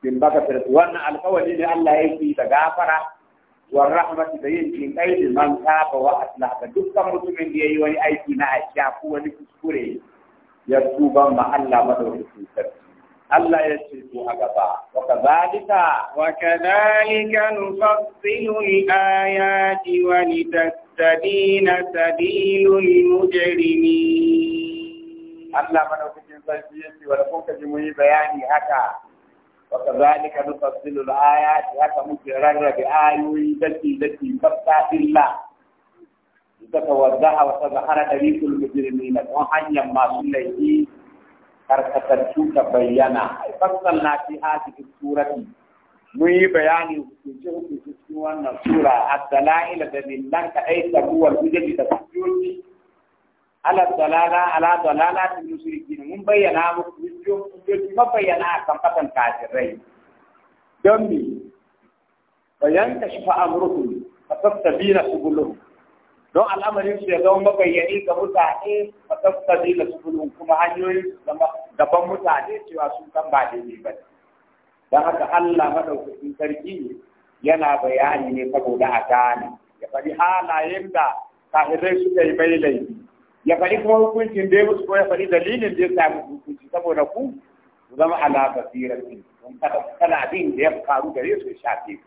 bin baka wannan alƙawari ne Allah yake da gafara wa rahmatu da yin jin kai da man dukkan mutumin da yi wani aiki na ashiya ko wani kuskure ya tuba ma Allah madaukakin sarki Allah ya ce to a gaba wa kadhalika wa kadhalika nufassilu al-ayati wa litastabina sabilul mujrimin Allah madaukakin sarki yake wa kun kaji mu yi bayani haka wa kadhalika nufassilu al-ayati haka muke rarrabe ayoyi daki daki sabta illa saka wadaha wa tabahara dariqul mujrimin don hanyar masu laifi karkatattu ta bayyana ai fassalna fi hadhihi surati mun yi bayani hukunce hukunce cikin wannan sura ad-dalail da lillan ka ai tabuwal hujjati da hujjoji ala dalala ala dalala ta musulki mun bayyana muku hujjoji kan akan fatan rai. don me bayan ka shifa amurkum fa tastabina subuluhum don al'amarin su ya zama mabayyani ga mutane fa tastabina subuluhum kuma hanyoyin gaban mutane cewa sun kan ba daidai ba don haka Allah madaukakin sarki yana bayani ne saboda a gane ya faɗi halayen da kafirai suka yi bai laifi ya faɗi kuma hukuncin da ya musu ko ya faɗi dalilin da ya samu hukunci saboda ku ku zama ala basiratin don kada kada abin da ya faru da su shafe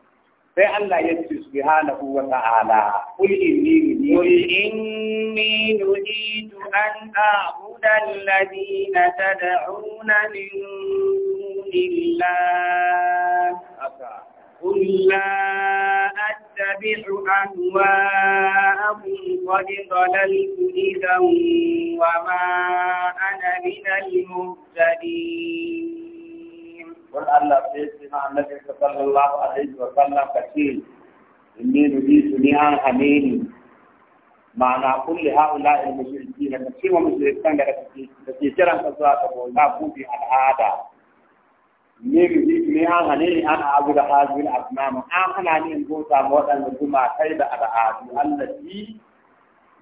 sai Allah ya ce subhanahu wa ta'ala qul inni qul inni nuhitu an a'budu alladhina tad'una min dunillah qul la أتبع أهواءهم قد ضللت إذا وما أنا من المهتدين قل الله سيدنا النبي صلى الله عليه وسلم كثير إني نريد أن أمين معنى كل هؤلاء المشركين المشركين والمشركين التي تجرى تزاحم لا بد على هذا ne ne an hane ni ana abu da hazin asnamu an hana ni in bauta ma waɗanda gumakai da al'adu allati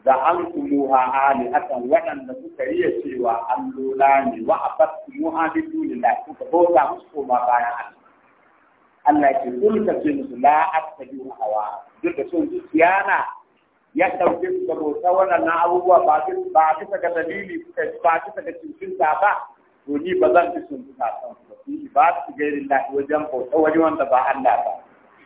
da an kumuha ali hakan waɗanda kuka iya cewa allola ne wa abat kumuha bi dunillah kuka bauta musu koma bayan Allah Allah ya ce kul ka ce musu la attabi'u hawa duk da sun son zuciyana ya ɗauke su ga bauta waɗannan abubuwa ba bisa ga dalili ba bisa ga cincinta ba to ni ba zan fi sun duka san ba fi ba su gairi lahi wajen bauta wani wanda ba Allah ba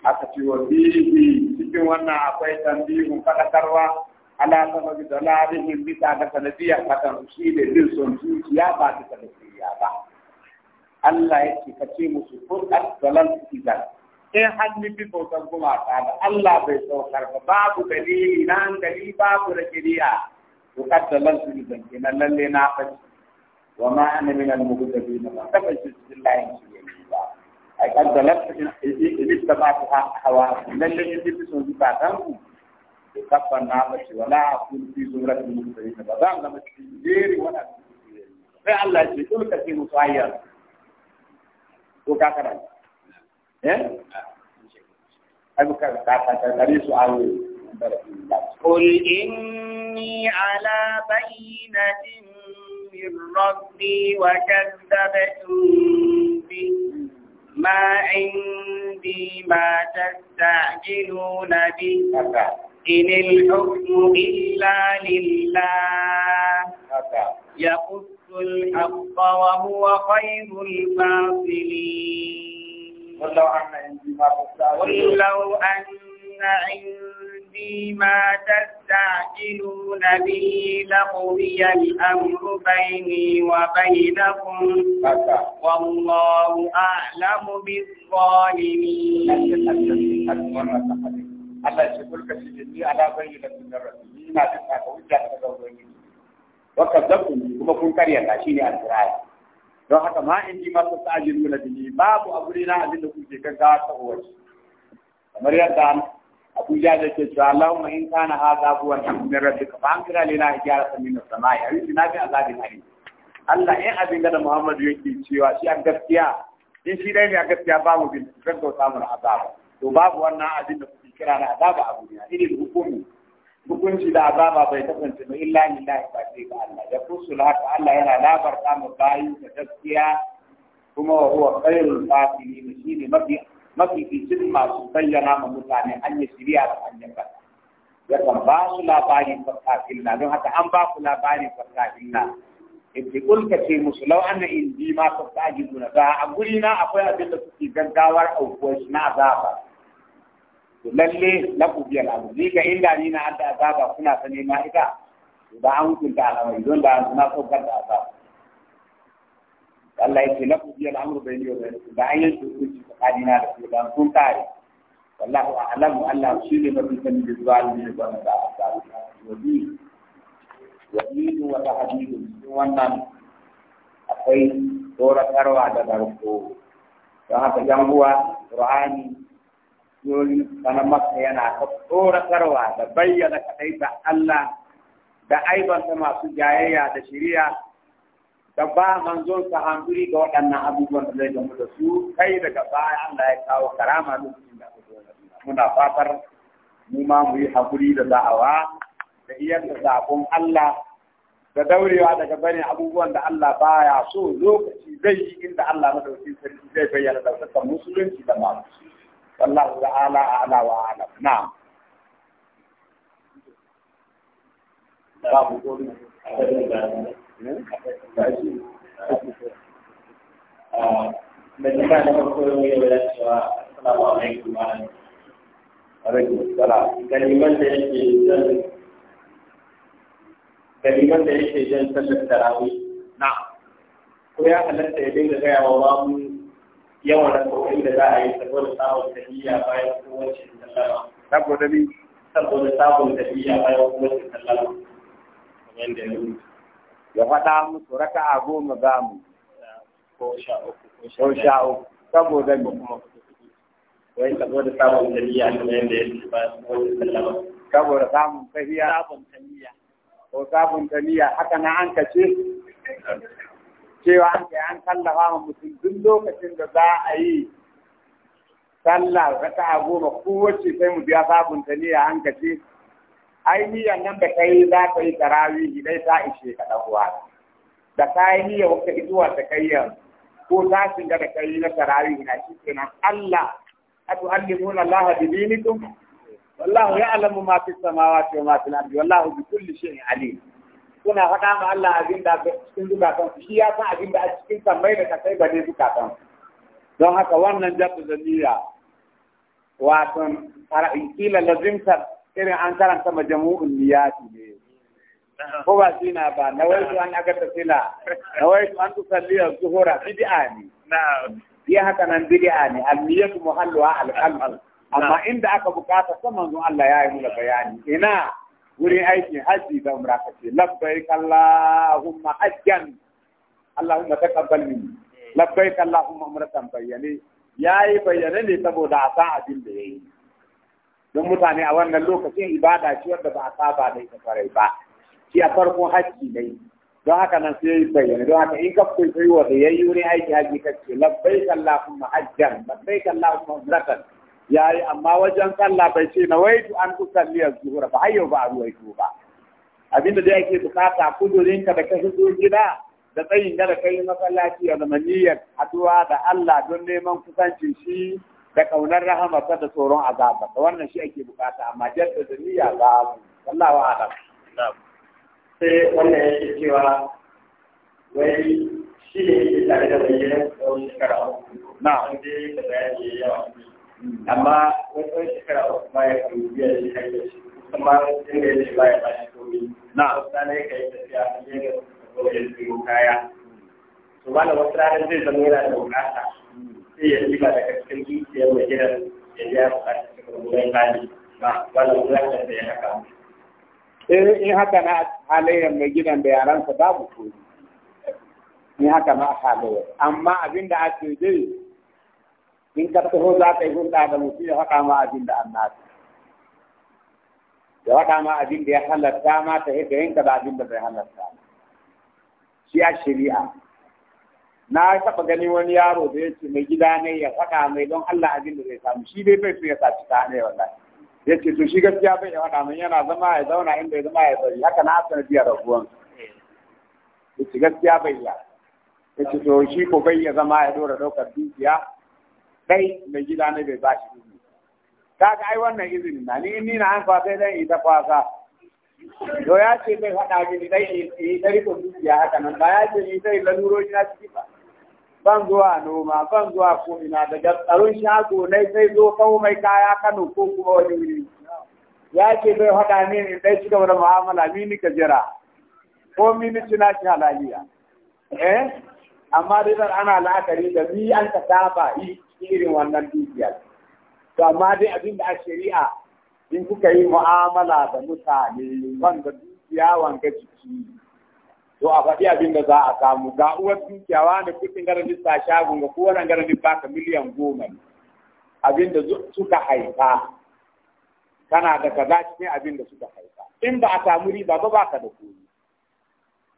aka ce wa bihi cikin wannan akwai tambihun fadakarwa ala sababi dalalihim bisa ga sanadiyar fatan shi ne bin son zuciya ba bisa da ba Allah ya ce ka ce musu kun dalal idan in hannun bi kuma gumaka da Allah bai saukar ba babu dalili na hankali babu da kiriya to kaddalan su idan kenan lalle na fashi وما أنا من المبتدئين فقد جزت الله إن شئت أي قد ظلمت إن استطعت حواس من الذي يلبس وزفاته كفى النافش ولا أقول في زمرة المبتدئين فظن لما تجيري ولا فعل الله شيء كل كثير مصير وكثرة ها أبو كذا كذا كذا سؤال قل إني على بينة من ربي وكذبتم به ما عندي ما تستعجلون به إن الحكم إلا لله يقص الحق وهو خير الفاصلين قل لو أن عندي فيما تستعجلون به لقضي الأمر بيني وبينكم والله أعلم بالظالمين Allah ce kulka shi ne ni ala bayyana sunnar rasuli ina jin ka hujja ta daga ubangiji wa kazzabu kuma kun karya ta shine alqirai don haka ma in ji masu ta'ajiruna bihi babu abu ne na abin da kuke kan ga ta kamar yadda abu ja da ke cewa Allahumma in kana hadha huwa min rabbika fa anzir alaina hijaratan min as-sama'i aw inna bi azabin alim Allah in abin da Muhammadu yake cewa shi a gaskiya in shi dai ne a gaskiya babu mu bin zan ga samun azaba to babu wannan abin da kuke kira na azaba a duniya irin hukumi hukunci da azaba bai kasance ba illa lillahi ba sai ga Allah ya kusula haka Allah yana labarta mu bayin da gaskiya kuma wa huwa khairul fasirin shine mafi mafificin masu bayyana ma mutane hanyar shirya da hanyar kan yakan ba su labarin fasafilla don haka an ba ku labarin fasafilla inda kulka ce musu lau an na indi ma fasajibu za a guri na akwai abin da suke gaggawar aukuwar shi na azaba to lalle na ku biya labu ni ga inda ni na adda azaba kuna ta nema ita ba an hukunta al'amari don da na saukar da azaba Allah ya ce na ku biya al'amuru bai liyo an da wallahu Allah shi ne mafi sani da da wa wannan akwai da don haka yan uwa Qur'ani yori maka yana ta da bayyana da Allah da masu jayayya da shari'a ka ba manzon ka hankuri ga waɗannan abubuwan da zai gamu da su kai daga baya Allah ya kawo karama lokacin da aka zo muna fatar mu ma mu yi hankuri da da'awa da iyar da zakon Allah da daurewa daga bane abubuwan da Allah baya so lokaci zai yi inda Allah madaukakin sarki zai bayyana daukakan musulunci da ma wallahu da a'la wa a'lam na'am babu Mai ba da ya bada cewa Assalamu alaikum malam. Alaikum salam. Kalimar da yake jan da sallar tarawih. Na. Ko ya halatta ya dinga gaya wa mamu yawan rakokin da za a yi saboda samun tafiya bayan kowace sallama. Saboda bi? Saboda samun tafiya bayan kowace sallama. Kamar yadda ya rubuta. ya faɗa musu raka a goma za mu ko sha uku saboda ne wai saboda samun tafiya kamar yadda ya ce ba saboda samun tafiya sabon tafiya ko sabon tafiya haka na an kace cewa an kai an tallafa ma mutum duk lokacin da za a yi sallah raka a goma kowace sai mu biya sabon tafiya an kace ai niyan nan da kai za ka yi tarawihi dai ta ishe ka dan uwa da kai niyya wata izuwa ta kai yanzu ko tashin da da kai na tarawihi na shi kenan Allah atu'allimuna Allah bi dinikum wallahu ya'lamu ma fi samawati wa ma fil ardi wallahu bi kulli shay'in alim kuna faɗa ma Allah abin da cikin zukatan shi ya san abin da a cikin tambayi da kasai ba ne zukatan don haka wannan jabba zaniya wato kila lazimtar irin an karanta majamu'un niyati ne ko ba shi na ba na wai an aga wai su an tusalli a zuhura bid'a ne na ya haka nan bid'a ne al-niyatu muhalluha al-qalb amma inda aka bukata sai manzon Allah ya yi mu bayani ina wurin aiki hajji da umra kace labbaik allahumma hajjan allahumma taqabbal minni eh. labbaik allahumma umratan bayyane yayi bayyane ne saboda a san abin da yayi don mutane a wannan lokacin ibada shi wanda ba a saba da ita farai ba shi a farkon hajji ne. don haka nan sai bayyana don haka in ka kwaikwayo wanda ya yi wurin aiki haji ka ce labbai kallahumma mahajjan labbai kallahumma mahajjan ya yi amma wajen sallah bai ce na waitu an usalli az-zuhur ba har ba a ruwaito ba abinda da ake bukata kudurin ka da ka fito gida da tsayin da kai masallaci a zamaniyar haduwa da Allah don neman kusancin shi da kaunar rahamarsa da tsoron azaba wannan shi ake bukata amma jalda da niyya ba wallahu a'lam sai wannan yake cewa wai shi ne yake tare da mai gidan tsawon shekara uku na wanda ya yi da bayani ya yawa amma wani tsawon shekara uku ma ya kan biya shi hanyar shi kuma inda ya ce ba ya ba shi komi na wata ne ka yi tafiya a cikin da kawai ya kaya to ba da wasu ranar zai zama yana da bukata sai ya riba daga cikin zuciyar mai gidan ya ji ya buƙaci cikin gudan hali ba wannan zaka da ya haka eh, in haka na halayyar mai gidan da yaransa babu koyi in haka na halayyar amma abin da ake dai in ka taho za ka yi hulɗa da mutum ya faɗa ma abin da an nasu ya faɗa ma abin da ya halatta ma ta yadda yanka da abin da bai halatta shi a shari'a na taɓa gani wani yaro da ya ce mai gida ne ya faɗa mai don Allah abin da zai samu shi dai bai so ya saci ta ne wallahi ya ce to shi gaskiya bai ya faɗa mai yana zama ya zauna inda ya zama ya bari haka na asana biya rabuwan ya ce gaskiya bai ya ya ce to shi ko bai ya zama ya dora ɗaukar dukiya kai mai gida ne bai ba shi izini ga ai wannan izini na ni ni na an fa sai ita kwasa to ya ce bai faɗa mini dai yi ɗari ko dukiya haka nan ba ya ce ni sai lalurori na cikin ban zuwa noma ban zuwa ko ina daga tsaron shago ne sai zo kawo mai kaya Kano ko kuma wani wuri ya ce bai hada ne in dai shiga wani mu'amala ni ni ka jira ko mi ni shi halaliya eh amma dai ana la'akari da ni an ka saba yi irin wannan dukiyar to amma dai abin da a shari'a in kuka yi mu'amala da mutane wanda dukiya wanga ciki. to a faɗi abin da za a samu ga uwar dukiyawa da kuɗin garin lissa shagun ga kowane garin lissa ka miliyan goma abin da suka haifa kana da kaza cikin abin da suka haifa in ba a samu riba ba ba ka da komi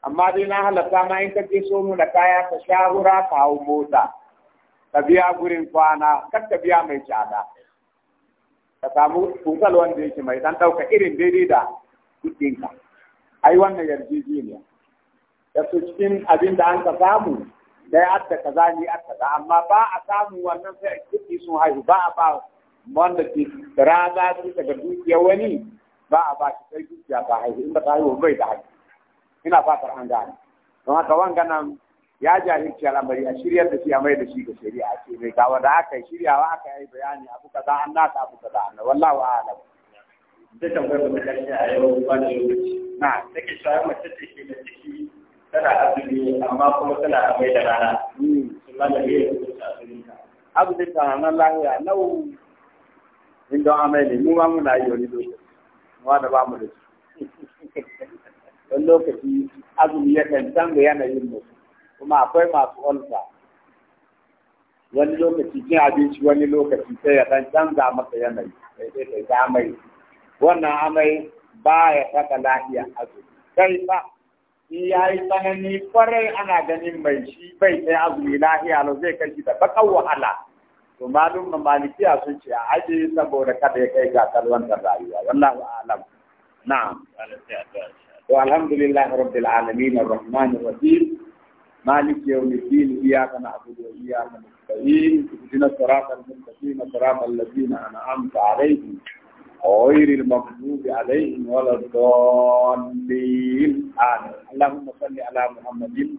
amma dai na halatta ma in ka so mu da kaya ka shahura ka hau mota ka biya gurin kwana kar ka biya mai tsada ka samu kunkal wanda yake mai dan ɗauka irin daidai da kuɗinka ai wannan yarjejeniya da su cikin abin da an ka samu da ya adda kaza ni a kaza amma ba a samu wannan sai a kuɗi sun haihu ba a ba wanda ke raza su daga dukiya wani ba a ba shi sai dukiya ba haihu in ta haihu bai da haihu ina fatar an gane don haka wanga nan ya jahilci al'amari a shiryar da shi a mai da shi ga shari'a ce mai gawa da aka yi shiryawa aka yi bayani abu kaza an nata abu kaza an wallahu a'lam da tambayar da a yau ba da lokaci na take shawarar mace ke da ciki tana azumi amma kuma tana amai da rana sunna hmm. da ne azumin ta abu lahiya nau in don amai ne mu ma muna yi wani lokaci mu da ba mu da su wani lokaci azumi yakan canza yanayin mu kuma akwai masu olfa wani lokaci cin abinci wani lokaci sai ya dan canza masa yanayi sai sai ta amai wannan amai ba ya saka lahiya azumi kai ba ya yi tsanani kwarai ana ganin mai shi bai sai azumi lahiya lau zai kashi da baka wahala to malum na malikiya sun ce a aje saboda kada ya kai ga kalwantar rayuwa wallahu alam na'am to alhamdulillahi rabbil alamin arrahman arrahim مالك يوم الدين إياك نعبد وإياك نستعين اهدنا الصراط المستقيم صراط الذين أنعمت عليهم Oiri al-mabzuzi alaihim wa al-dhalim. Allahumma salli ala Muhammadin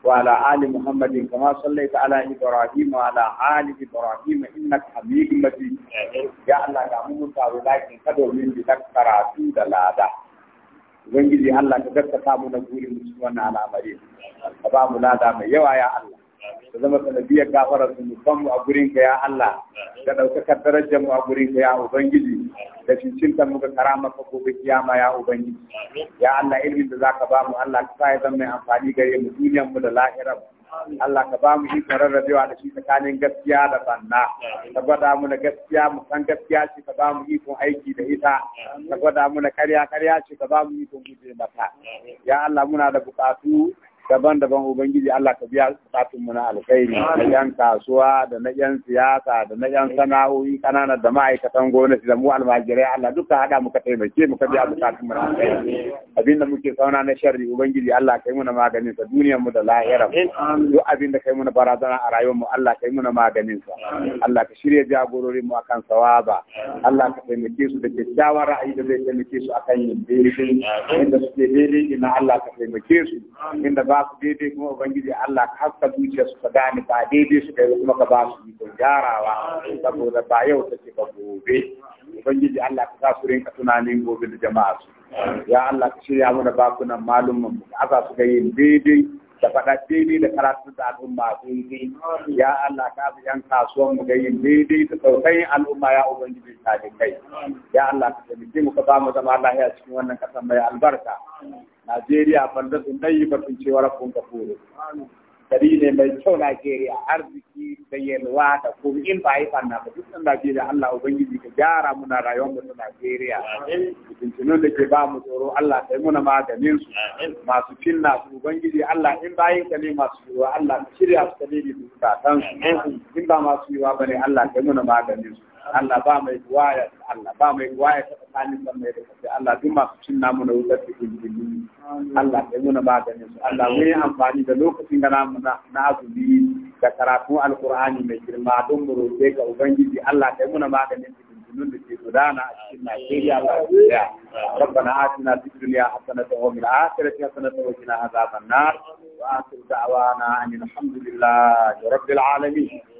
wa ala ala Muhammadin. Kama salli ta ala Ibrahim wa ala ala Ibrahim. Inna khamidin mazim. Ya ya Allah, ya Allah, ya Allah, ya Allah, ya Allah, ya Allah, ya Allah, ya Allah, Allah, ya Allah, ya Allah. Wengi di Allah, ya Allah, ya Allah, ya ya Allah, ka zama sanadiyar gafarar zunuban mu a gurin ka ya Allah ka ɗaukakar darajar mu a gurin ka ya Ubangiji da cincinta muka ga karamar ka gobe kiyama ya Ubangiji ya Allah ilmin da zaka ba mu Allah ka sa ya mai amfani gare mu duniyar mu da lahirar Allah ka ba mu ikon rarrabewa da shi tsakanin gaskiya da banna ka gwada mu na gaskiya mu san gaskiya shi ka ba mu ikon aiki da ita ka gwada mu na karya karya shi ka ba mu ikon guje mata ya Allah muna da bukatu daban-daban Ubangiji Allah ka biya bukatun mu na alkhairi na yan kasuwa da na yan siyasa da na yan sana'o'i kanana da ma'aikatan gwamnati da mu almajirai Allah duka hada muka taimake mu ka biya bukatun mu na alkhairi abinda muke sauna na sharri Ubangiji Allah kai mu na maganin sa duniyar mu da lahira duk abinda kai mu na barazana a rayuwar mu Allah kai mu na maganin sa Allah ka shirya jagororin mu akan sawaba Allah ka taimake su da kyakkyawan ra'ayi da zai taimake su akan yin daidai inda suke daidai ina Allah ka taimake su inda ba su daidai kuma ubangiji Allah ka haska zuciya su ka gane ba daidai su kai kuma ka ba su yi ko gyarawa saboda ba yau ta ce ba gobe ubangiji Allah ka sa su rinka tunanin gobe da jama'a su ya Allah ka shirya mana bakunan malumman mu aka su ga yin daidai da faɗa daidai da karatu da al'umma daidai ya Allah ka bi yan kasuwan mu ga yin daidai da sauƙayin al'umma ya ubangiji ta kai ya Allah ka taimake mu ka ba mu zama lahiya cikin wannan kasan mai albarka Najeriya da yi dayyibatun cewa ka kafuru gari ne mai kyau Najeriya arziki da yalwa da kuma in ba yi fanna ba duk Najeriya Allah ubangiji ka gyara muna rayuwar mu Najeriya tuntunan da ke ba mu tsoro Allah kai muna maganin su masu na su ubangiji Allah in ba yi ne masu yiwa Allah shirya su kane da su in ba masu yiwa ne, Allah kai muna maganin su Allah ba mai duwaya ta Allah ba mai duwaya ta tsakanin san mai da kafi Allah duk masu cin namu na wutar da injini Allah ya muna maganin su Allah mun yi amfani da lokacin da namu na azumi da karatun alkur'ani mai girma don mu roƙe ga ubangiji Allah ya muna maganin su injinun da ke gudana a cikin Najeriya ba su daya ربنا آتنا في الدنيا حسنة وفي الآخرة حسنة وقنا عذاب